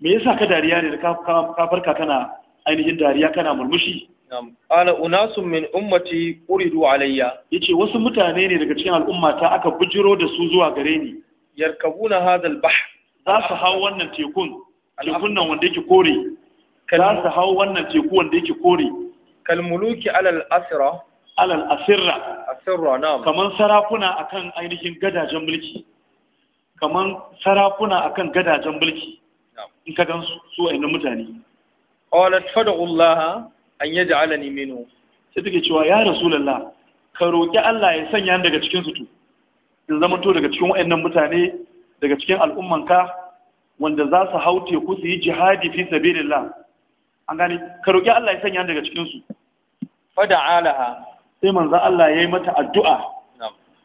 me yasa ka dariya ne da ka farka kana ainihin dariya kana murmushi qala unasun min ummati uridu alayya yace wasu mutane ne daga cikin al'ummata aka bujiro da su zuwa gare ni yarkabuna hadal al-bahr za su hau wannan tekun tekun nan wanda yake kore za su hau wannan teku wanda yake kore kalmuluki alal asra alal asirra asirra na'am kaman sarakuna akan ainihin gadajen mulki kaman sarakuna akan gadajen mulki in ka gan su a wa'annan mutane qalat fad'u Allah an yaj'alani minhu sai take cewa ya rasulullah ka roki Allah ya sanya ni daga cikin su to in zama to daga cikin wa'annan mutane daga cikin al'ummanka wanda za su hau teku su yi jihadi fi sabilillah an gani ka roki Allah ya sanya ni daga cikin su fada'alaha sai manzan Allah ya yi mata addu'a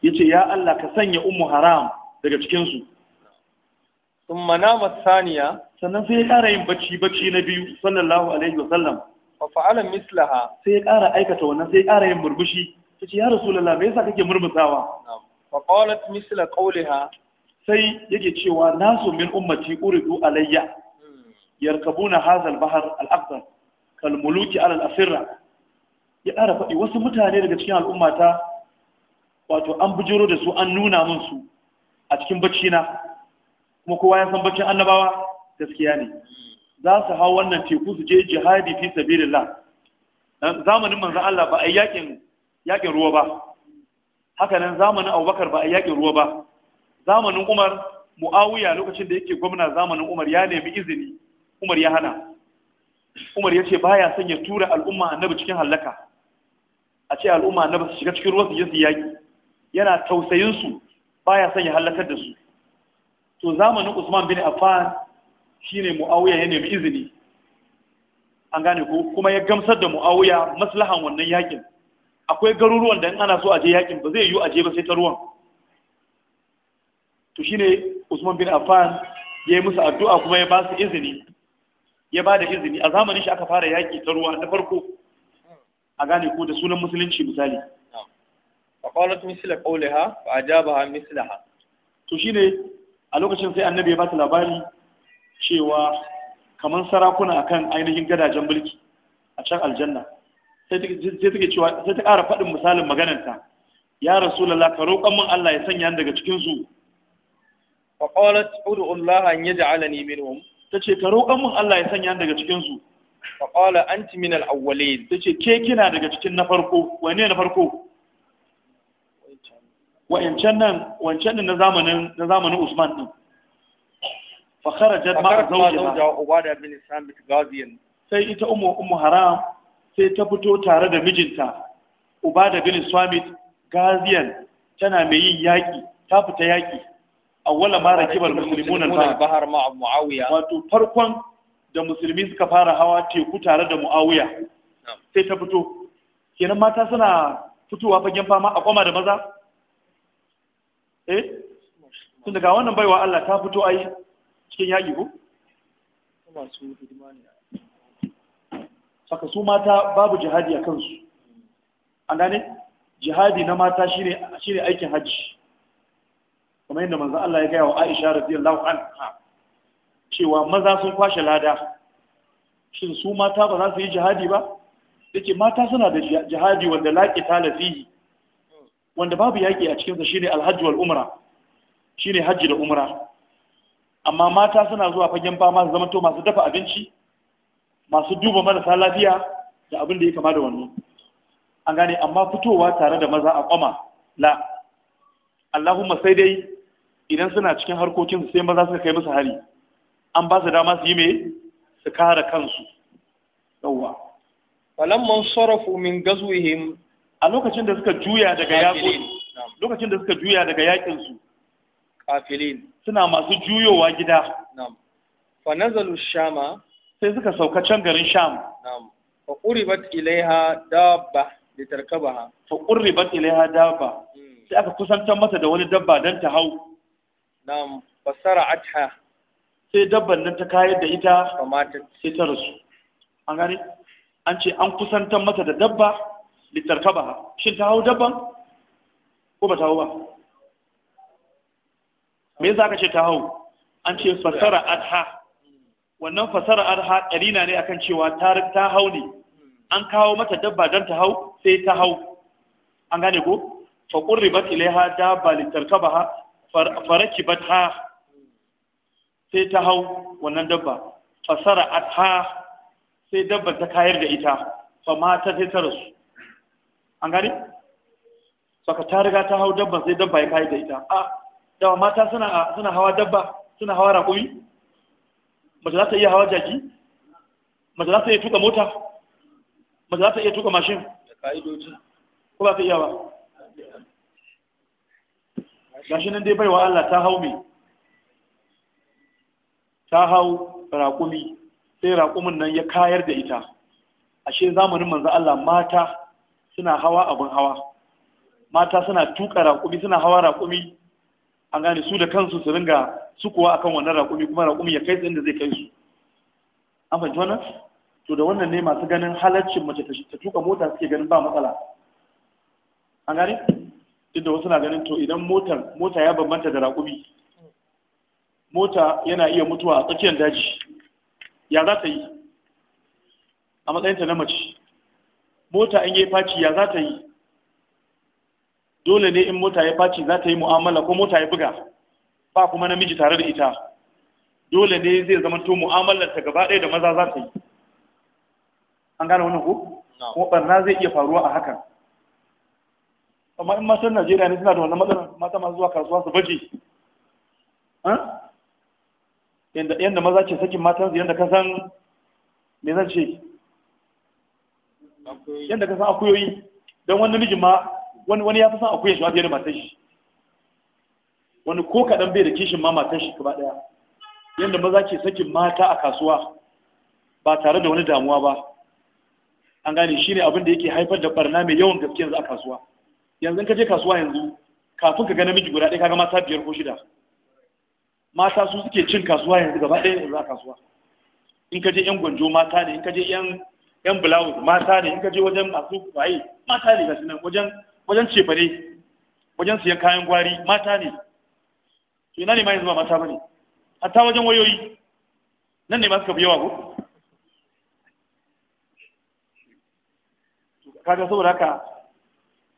ya ce ya Allah ka sanya umu haram daga cikinsu sun manama saniya sannan sai ya ƙara yin bacci bacci na biyu sallallahu alaihi wasallam Ba fa'ala mislaha sai ya ƙara aikata wannan sai ya ƙara yin murmushi ta ce ya rasulullah me yasa kake murmusawa Ba qalat misla qawliha sai yake cewa nasu min ummati uridu alayya hmm. yarkabuna hadha al-bahr al-aqdar kal muluki ala asirra ya ƙara faɗi wasu mutane daga cikin al'ummata wato an bujiro da su an nuna min su a cikin bacci na kuma kowa ya san baccin annabawa gaskiya ne za su hau wannan teku su je jihadi fi sabilillah zamanin manzan Allah ba a yi yaƙin ruwa ba hakanan nan zamanin Abubakar ba a yi yaƙin ruwa ba zamanin Umar Muawiya lokacin da yake gwamna zamanin Umar ya nemi izini Umar ya hana Umar ya ce ya son ya tura al'umma annabi cikin hallaka a ce al'umma na ba su shiga cikin ruwan su yi yaƙi yana tausayinsu su baya son ya halakar da su to zamanin Usman bin Affan shine Muawiya ya nemi izini an gane ko kuma ya gamsar da Muawiya maslahan wannan yakin akwai garuruwan da in ana so a je yakin ba zai yiwu a je ba sai ta ruwan to shine Usman bin Affan ya yi musu addu'a kuma ya ba su izini ya ba da izini a zamanin shi aka fara yaki ta ruwa na farko a gane ko da sunan musulunci misali sila fa qalat misla qawliha fa ajabaha ha to shi ne a lokacin sai annabi ya bata labari cewa kamar sarakuna akan ainihin gadajen mulki a can aljanna sai ta ƙara faɗin misalin maganarta ya rasulullah ka roƙon min Allah ya sanya ni daga cikinsu su fa Allah an yaj'alani minhum ce ka roƙon min Allah ya sanya ni daga cikinsu. fa qala anti min al-awwalin tace ke kina daga cikin na farko ne na farko wa'ancan nan wancan na zamanin na Usman din fa kharajat ma'a zawjaha Ubada sai ita ummu ummu haram sai ta fito tare da mijinta Ubada bin Samit Gazian tana mai yin yaƙi ta fita yaki A wala mara muslimun wato farkon da musulmi suka fara hawa teku tare da mu'awiya sai ta fito kenan mata suna fitowa fagen fama a kwama da maza eh tun daga wannan baiwa Allah ta fito ai cikin yaƙi ko saka su mata babu jihadi a kansu an gane jihadi na mata shine shine aikin hajji kamar yadda manzo Allah ya gaya wa Aisha radiyallahu anha cewa maza sun kwashe lada shin su mata ba za su yi jihadi ba ce mata suna da jihadi wanda laƙi talafihi wanda babu yaƙi a cikinsa shine alhaji wal umra shine hajji da umra amma mata suna zuwa fagen fama su zama to masu dafa abinci masu duba marasa lafiya da abin da ya kama da wannan an gane amma fitowa tare da maza a kwama la Allahumma sai dai idan suna cikin harkokin sai maza suka kai musu hari an ba su dama su yi mai su kare kansu yawwa falamman sarafu min gazuhim a lokacin da suka juya daga yakin lokacin da suka juya daga yaƙin su kafilin suna masu juyowa gida na'am fa nazalu shama sai suka sauka can garin sham na'am fa quribat ilaiha dabba li tarkabaha fa quribat ilaiha dabba hmm. sai aka kusantar mata da wani dabba dan ta hau na'am fasara'atha sai dabban nan ta kayar da ita sai ta rasu an gane an ce an kusantar mata da dabba littarkaba shin ta hau dabban ko ba ta hau ba me yasa aka ce ta hau an ce fasara adha wannan fasara adha ƙarina ne akan cewa ta hau ne an kawo mata dabba don ta hau sai ta hau an gane ko fa qurribat ilaiha dabba littarkabaha farakibat ha sai ta hau wannan dabba fasara ta sai dabba ta kayar da ita fa mata sai ta rasu an gani saka ta riga ta hau dabba sai dabba ya kayar da ita a dawa mata suna suna hawa dabba suna hawa raƙumi mace za ta iya hawa jaki mace za ta iya tuka mota mace za ta iya tuka mashin ko ba ta iya ba gashi nan dai baiwa Allah ta hau mai ta hau raƙumi sai raƙumin nan ya kayar da ita ashe zamanin manzo Allah mata suna hawa abin hawa mata suna tuka raƙumi suna hawa raƙumi an gane su da kansu su ringa sukuwa akan wannan raƙumi kuma raƙumi ya kai da zai kai su an fahimci wannan to da wannan ne masu ganin halaccin mace ta tuka mota suke ganin ba matsala an gane inda wasu na ganin to idan motar mota ya bambanta da raƙumi mota yana iya mutuwa a tsakiyar daji ya za ta yi a matsayinta na mace mota in yi faci ya za ta yi dole ne in mota ya faci za ta yi mu'amala ko mota ya buga ba kuma namiji tare da ita dole ne zai zama to mu'amalar ta gaba ɗaya da maza za ta yi an gane wannan ko kuma barna zai iya faruwa a hakan amma in matan Najeriya ne suna da wannan matsalar mata masu zuwa kasuwa su baje yadda maza ke sakin matansu yadda ka san me zan ce yadda ka san akuyoyi don wani mijin ma wani ya fi san akuyar shi ma fiye da matan shi wani ko kaɗan bai da kishin ma matan shi gaba ɗaya yadda maza ke sakin mata a kasuwa ba tare da wani damuwa ba an gane shine abin da yake haifar da barna mai yawan gaske yanzu a kasuwa yanzu ka je kasuwa yanzu kafin ka ga namiji guda ɗaya ka ga mata biyar ko shida mata su suke cin kasuwa yanzu gaba ɗaya yanzu a kasuwa in ka je yan gwanjo mata ne in ka je yan yan mata ne in ka je wajen masu waye mata ne ga nan wajen wajen cefane wajen siyan kayan gwari mata ne to ina ne ma yanzu ba mata bane hatta wajen wayoyi nan ne ma suka fi yawa ko kaga saboda haka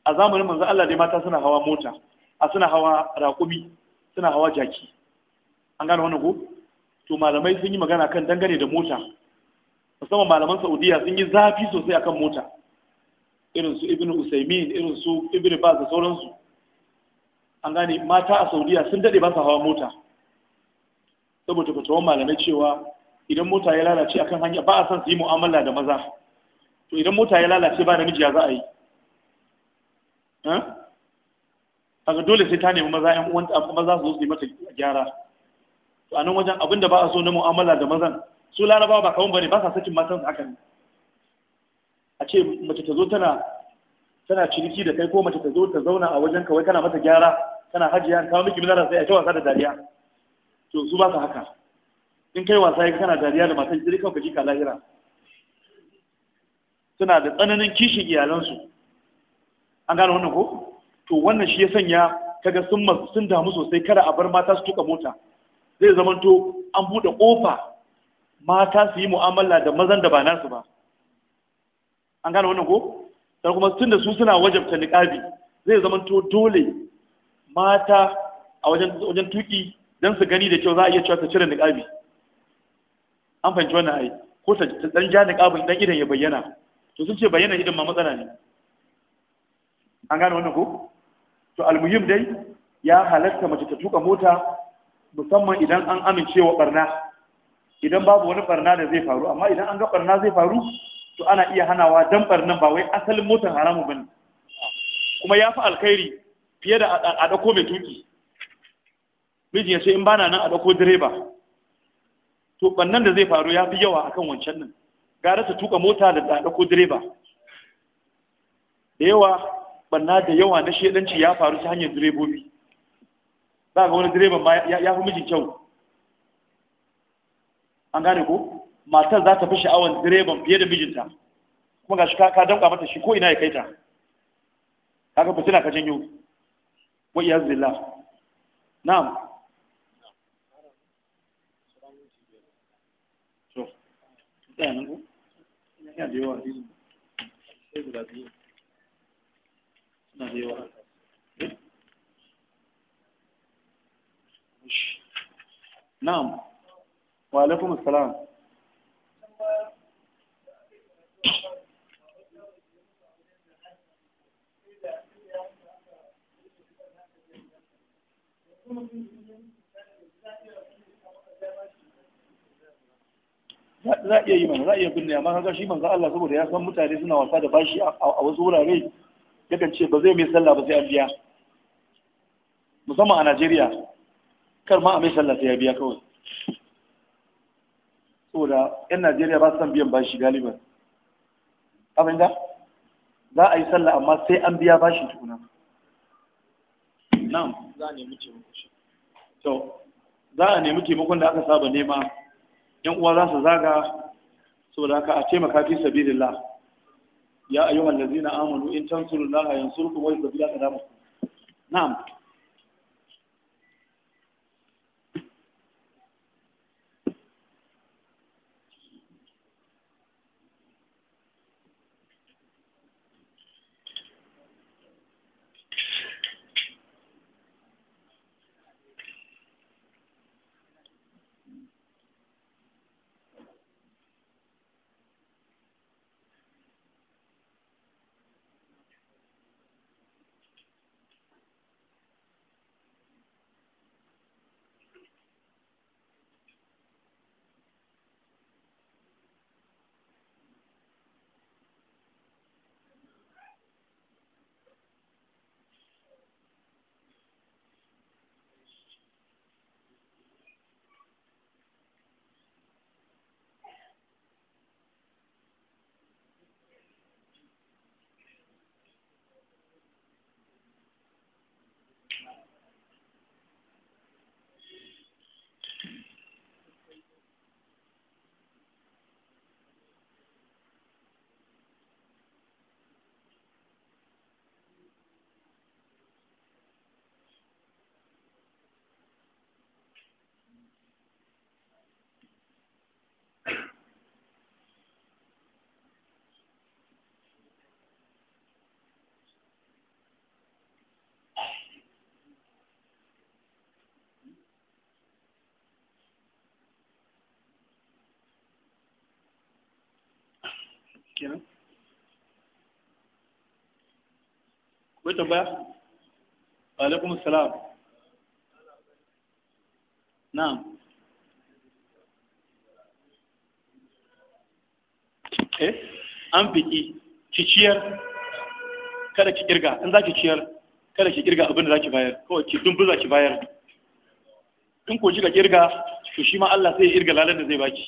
a zamanin manzo Allah dai mata suna hawa mota a suna hawa raƙumi suna hawa jaki an gane wani ko to malamai sun yi magana kan dangane da mota musamman malaman saudiya sun yi zafi sosai akan mota irin su ibn usaimin irin su ibn baz da sauransu an gane mata a saudiya sun dade ba sa hawa mota saboda fatawan malamai cewa idan mota ya lalace akan hanya ba a son su yi mu'amala da maza to idan mota ya lalace ba namiji ya za a yi ga dole sai ta nemi maza yan uwan maza su zo su yi mata gyara to a nan wajen abin da ba a so na mu'amala da mazan su larabawa ba kawun bane ba sa sakin matan haka ne a ce mace ta zo tana tana ciniki da kai ko mace ta zo ta zauna a wajen kawai kana mata gyara kana hajiya kawo miki minara sai a ce wasa da dariya to su ba su haka in kai wasa ya kana dariya da matan jiri kawai kaji ka lahira suna da tsananin kishin iyalansu an gane wannan ko to wannan shi ya sanya kaga sun sun damu sosai kada a bar mata su tuka mota zai zamanto an buɗe ƙofa mata su yi mu'amala da mazan da ba nasu ba an gane wannan ko sai kuma tun da su suna wajabta niqabi zai zamanto dole mata a wajen wajen tuki dan su gani da kyau za a iya cewa ta cire niqabi an fahimci wannan ai ko ta dan ja niqabin dan idan ya bayyana to sun ce bayyana idan ma matsala ne an gane wannan ko to almuhim dai ya halatta mace ta tuka mota musamman idan an amincewa barna idan babu wani barna da zai faru amma idan an ga barna zai faru to ana iya hanawa dan barnan ba wai asalin motar haramu bane kuma ya fi alkhairi fiye da a dako mai tuki miji ya ce in bana nan a dako direba to barnan da zai faru ya fi yawa akan wancan nan gara ta tuka mota da a dako direba da yawa barna da yawa na shedanci ya faru ta hanyar direbobi za ga wani direban ma ya fi mijin kyau an gane ko matar za ta fi sha'awar direban fiye da mijinta kuma ga shi ka damƙa mata shi ko ina ya kai ta kaga ka janyo wa iya zilla na'am to dan ku ya na'am وعليكم السلام za iya yi mana za iya binne amma kaga shi manzo Allah saboda ya san mutane suna wasa da bashi a wasu wurare yakan ce ba zai mai sallah ba sai an biya musamman a Najeriya kar ma a mai sallah sai ya biya kawai saboda yan Najeriya ba su san biyan bashi galiban abin da za a yi sallah amma sai an biya bashi tukuna na'am za a nemi taimakon shi to za a nemi taimakon da aka saba nema yan uwa za su zaga saboda aka a taimaka fi sabilillah ya ayyuhal ladzina amanu in tansurullaha yansurkum wa yuthabbit aqdamakum na'am kenan ko tambaya alaikum salam na'am eh an fiki ki ciyar kada ki kirga in za ki ciyar kada ki kirga abin da za ki bayar kawai ki dumbuza ki bayar in ko kika kirga to shi ma Allah sai ya kirga lalan da zai baki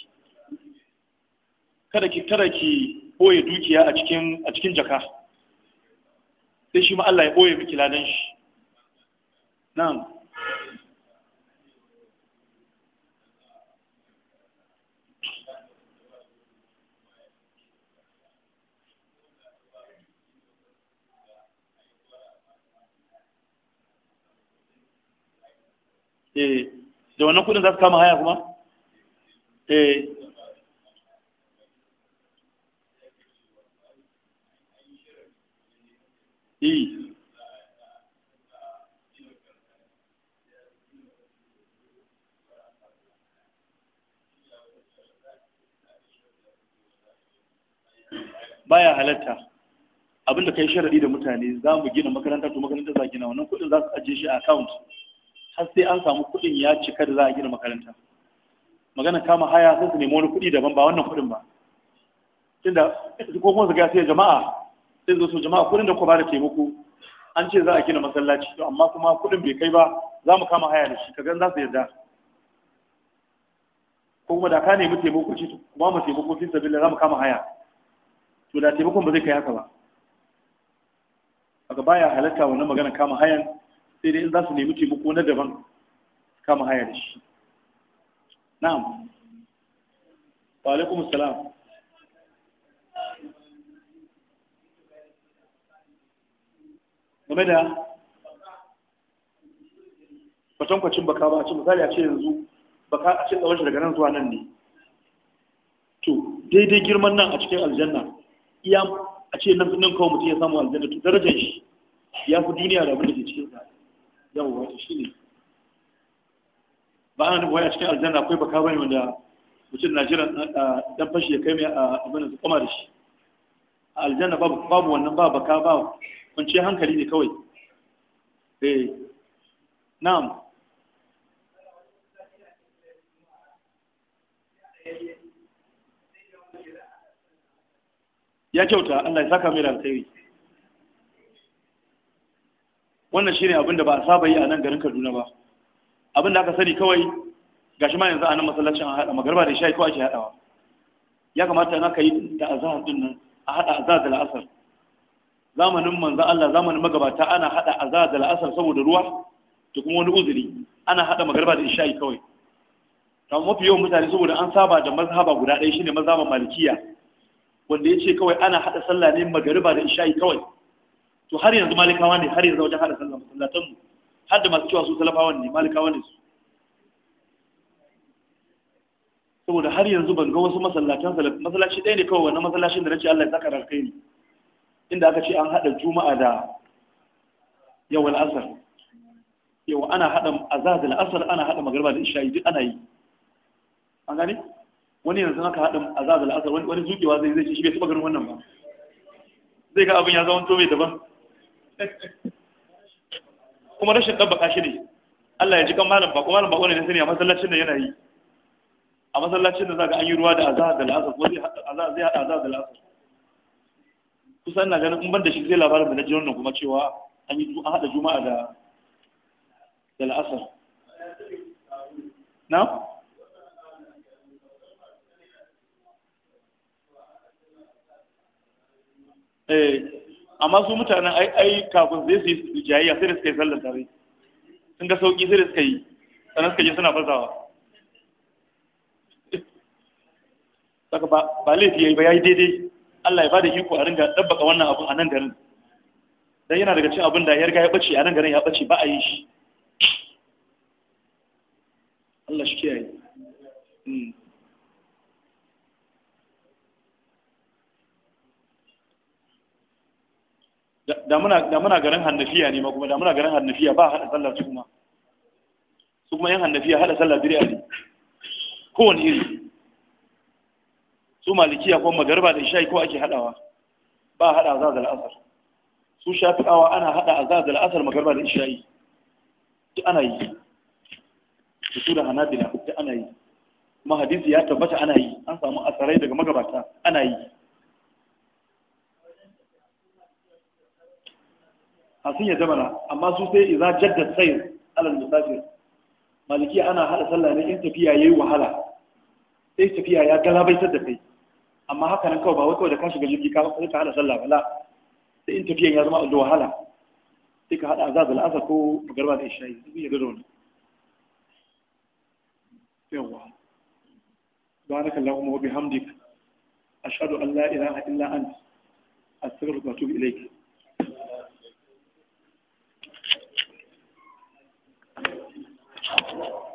kada ki kada ki ɓoye dukiya a cikin jaka sai shi ma Allah ya ɓoye miki ladan shi na'am eh da wannan kudin za su kama haya kuma eh. E. baya halatta abinda kai sharadi da mutane za mu gina makaranta to makaranta za gina wannan kudin za su ajiye shi a account har sai an samu kudin ya cika da za a gina makaranta magana kama haya sai su nemi wani kudi daban ba wannan kudin ba tunda ko kuma su ga sai jama'a sai zo su jama'a kudin da ku bada taimako an ce za a gina masallaci to amma kuma kudin bai kai ba za mu kama haya da shi ka gan za su yarda ko kuma da ka nemi taimako ce kuma mu taimako fi sabilla za mu kama haya to da taimakon ba zai kai haka ba gaba baya halatta wannan magana kama hayan sai dai in za su nemi taimako na daban kama haya da shi na'am wa alaikum salam game da kwatankwacin baka ba a ce misali a ce yanzu baka a ce tsawon shi daga nan zuwa nan ne to daidai girman nan a cikin aljanna iya a ce nan nan kawai mutum ya samu aljanna to darajar shi ya fi duniya da wanda ke cikin sa Yau wata shi ne ba ana nufin a cikin aljanna akwai baka bane wanda mutum na jiran dan fashi ya kai mai abin da su kama da shi a aljanna babu wannan ba baka ba kwanciyar hankali ne kawai eh na'am ya kyauta Allah ya saka mai da alkhairi wannan shine abin da ba a saba yi a nan garin Kaduna ba abin da aka sani kawai gashi ma yanzu a nan masallacin a haɗa magarba da shayi ko ake haɗawa ya kamata na ka yi da azahar din nan a haɗa azahar da la'asar zamanin manzo Allah zamanin magabata ana hada azhar da la'asar saboda ruwa da kuma wani uzuri ana hada magarba da isha'i kawai kan mafi yawan mutane saboda an saba da mazhaba guda ɗaya shine mazhaban malikiya wanda yace kawai ana hada sallah ne magariba da isha'i kawai to har yanzu malikawa ne har yanzu wajen hada sallah musallatan mu har da masu cewa su talafawan ne malikawa ne su saboda har yanzu ban ga wasu masallatan salaf masallaci ɗaya ne kawai wannan masallacin da nace Allah ya saka rankai ne inda aka ce an haɗa juma'a da yawan asar yawa ana haɗa azaz da ana haɗa magarba da isha'i duk ana yi an gane wani yanzu aka haɗa azaz da wani zukewa zai zai ce shi bai taɓa ganin wannan ba zai ga abin ya zama to mai daban kuma rashin ɗabbaka shi ne Allah ya ji kan malam ba ko malam ba wani ne sani a masallacin da yana yi a masallacin da za ga an yi ruwa da azaz da asar ko zai haɗa azaz da asar kusan na ganin in ban da shi zai labarin da na ji wannan kuma cewa an yi an haɗa juma'a da da la'asar na eh amma su mutanen ai ai kafin zai su yi jayayya sai da suka yi sallar tare sun ga sauki sai da suka yi sannan suka yi suna bazawa saka ba laifi ya yi ba ya yi daidai Allah ya bada iko a ringa dabbaka wannan abun a nan garin dan yana daga cikin abin da ya riga ya bace a nan garin ya bace ba a yi shi Allah shi kiyaye hmm. da muna da muna garin hannafiya ne ma kuma da muna garin hannafiya ba hada sallah su kuma su kuma yan hannafiya hada sallah bid'a ne kowane iri su malikiya ko magarba da isha'i ko ake hadawa ba hada azaz da asar su shafi'awa ana hada azaz da asar magarba da isha'i duk ana yi su da hanabila duk ana yi kuma hadisi ya tabbata ana yi an samu asarai daga magabata ana yi hasin ya zama amma su sai idza jaddad sayr alal musafir maliki ana hada sallah ne in tafiya yayi wahala sai tafiya ya galabaitar da kai amma haka nan kawai ba wai da ka shiga jirgi ka ka hada sallah bala sai in tafiyan ya zama da wahala sai ka hada azab al-asr ko magarba da isha'i sai ya gado ne yawa سبحانك اللهم وبحمدك أشهد أن لا illa إلا أنت أستغفرك وأتوب إليك Thank you.